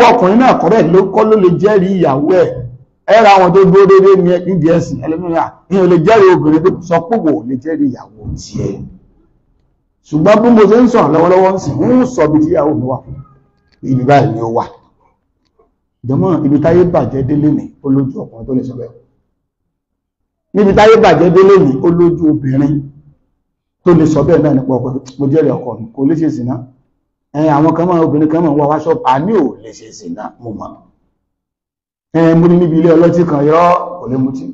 gbogbo ọkùnrin náà kọ́ bẹ́ẹ̀ ló kọ́ ló lè jẹ́rìí ìyàwó ẹ̀ ẹ ra àwọn tó dúró déédéé ní ìdí ẹ̀sìn ẹlẹ́mìíràn ìyẹn lè jẹ́rìí obìnrin tó sọ pé wò lè jẹ́rìí ìyàwó tiẹ̀ ṣùgbọ́n bí mo ṣe ń sọ̀rọ̀ lọ́wọ́lọ́wọ́ ń sìn ń sọ ibi tí ìyàwó mi wà ibi báyìí ni ó wà jọmọ́ ibi táyé bàjẹ́ délé ní olójú ọkùnrin tó lè sọ bẹ́ẹ̀ níbi táyé bàjẹ́ délé ní olójú obìnrin tó lè sọ bẹ́ẹ̀ náà nípa ọkọ mo jẹ́rìí ọkọ mi kò lè ṣe sìn náà ẹ̀yìn àwọn kan máa obìnrin kan máa wá wá ṣọ́ọ̀bù àmì ò lè ṣe sí náà mo mọ̀ ẹ̀yìn mo ní níbi ilé ọlọ́tí kan yọ kò lè mutí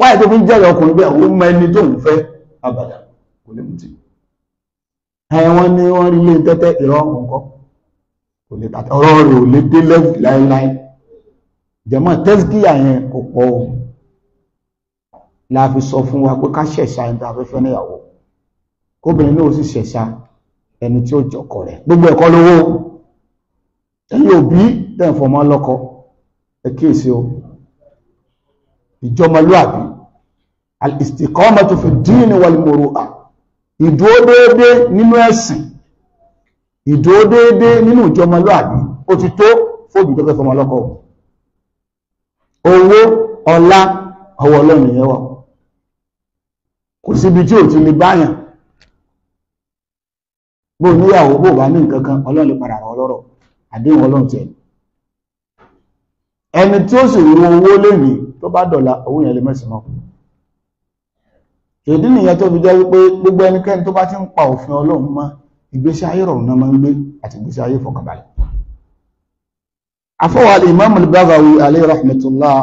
wáyé tó fi ń jẹ́rìí ọkùnrin bẹ́ẹ̀ ó mọ ẹni tó ń fẹ́ abàdà kò lè mutí ẹ̀yìn wọn ni wọ́n rí ilé tẹ́tẹ́ ìrọ̀ nǹkan kò lè tàtẹ́ ọ̀rọ̀ rẹ̀ ò lè dé lẹ́wù láéláé jẹ̀mọ́ tẹ́síkìyà yẹn kò pọ̀ la fi sọ fún wa pé ká ṣẹ̀ṣà ẹni tá a fẹ́ fẹ́ níyàwó kóbìnrin náà ẹni tí ó jọkọ rẹ̀ gbogbo ẹ̀kọ́ lówó ẹ̀yin òbí tẹ́ẹ̀ fọmọ lọ́kọ ẹ kíyèsí o ìjọmọlúàbí al-istiqamatu fi ddin wal-muru'a ìdúró déédé nínú ẹ̀sìn ìdúró déédé nínú ìjọmọlúàbí ó ti tó fóbi tó fẹ́ lọ́kọ owó ọlá ọwọ́ ọlọ́run yẹn wà kò síbi tí ò ti lè báyàn bó níyàwó bó bá ní nǹkan kan ọlọ́run lè padà ràn ọlọ́rọ̀ àdéhùn ọlọ́run tiẹ̀ ẹni tí ó sì ru owó lèmi tó bá dọ̀la owó yẹn lè mẹ́sìn mọ́ ìdí nìyẹn tó fi jẹ́ wípé gbogbo ẹnikẹ́ni tó bá ti ń pa òfin ọlọ́run mọ́ ìgbésí ayé rọrùn náà máa ń gbé àti ìgbésí ayé fọkànbalẹ̀ afọwọ́ Imam al-Baghawi alayhi rahmatullah